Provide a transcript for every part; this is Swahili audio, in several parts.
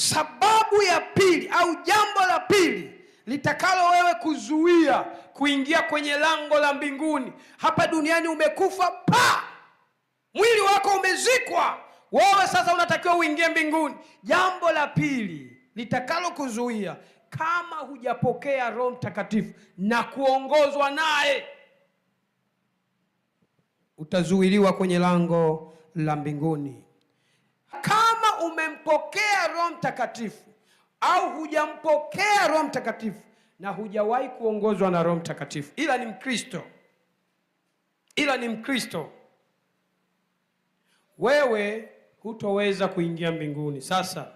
Sababu ya pili au jambo la pili litakalo wewe kuzuia kuingia kwenye lango la mbinguni. Hapa duniani umekufa pa mwili wako umezikwa, wewe sasa unatakiwa uingie mbinguni. Jambo la pili litakalo kuzuia, kama hujapokea Roho Mtakatifu na kuongozwa naye, utazuiliwa kwenye lango la mbinguni umempokea Roho Mtakatifu au hujampokea Roho Mtakatifu na hujawahi kuongozwa na Roho Mtakatifu, ila ni Mkristo, ila ni Mkristo, wewe hutoweza kuingia mbinguni. Sasa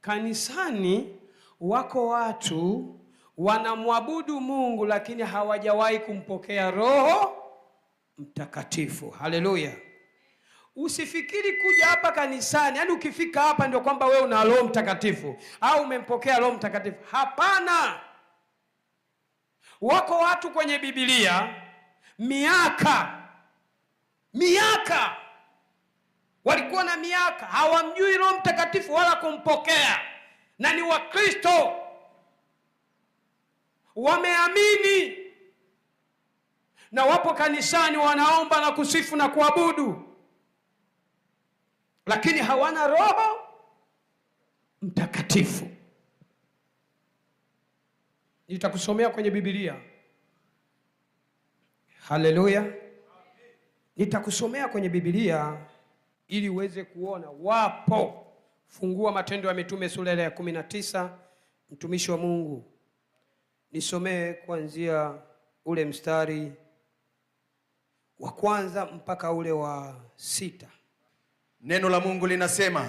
kanisani wako watu wanamwabudu Mungu lakini hawajawahi kumpokea Roho Mtakatifu. Haleluya! Usifikiri kuja hapa kanisani, yaani ukifika hapa ndio kwamba wewe una Roho Mtakatifu au umempokea Roho Mtakatifu. Hapana, wako watu kwenye Biblia miaka miaka walikuwa na miaka hawamjui Roho Mtakatifu wala kumpokea, na ni Wakristo wameamini na wapo kanisani wanaomba na kusifu na kuabudu lakini hawana Roho Mtakatifu. Nitakusomea kwenye bibilia Haleluya, nitakusomea kwenye bibilia ili uweze kuona wapo. Fungua Matendo ya Mitume sura ya kumi na tisa. Mtumishi wa Mungu, nisomee kuanzia ule mstari wa kwanza mpaka ule wa sita. Neno la Mungu linasema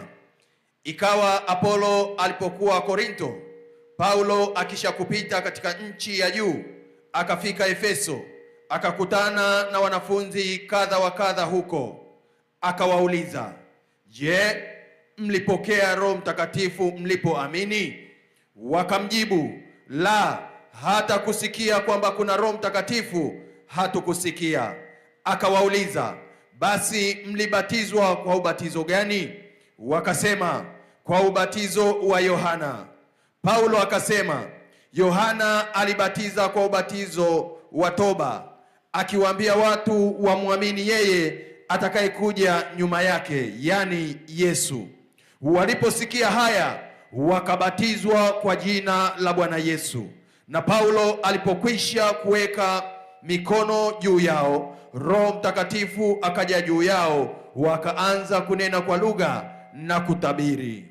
ikawa Apolo alipokuwa Korinto, Paulo akisha kupita katika nchi ya juu, akafika Efeso, akakutana na wanafunzi kadha wa kadha huko, akawauliza, je, mlipokea Roho Mtakatifu mlipoamini? Wakamjibu, la, hata kusikia kwamba kuna Roho Mtakatifu hatukusikia. Akawauliza, basi mlibatizwa kwa ubatizo gani? Wakasema, kwa ubatizo wa Yohana. Paulo akasema, Yohana alibatiza kwa ubatizo wa toba, akiwaambia watu wamwamini yeye atakayekuja nyuma yake, yani Yesu. Waliposikia haya, wakabatizwa kwa jina la Bwana Yesu. Na Paulo alipokwisha kuweka mikono juu yao, Roho Mtakatifu akaja juu yao, wakaanza kunena kwa lugha na kutabiri.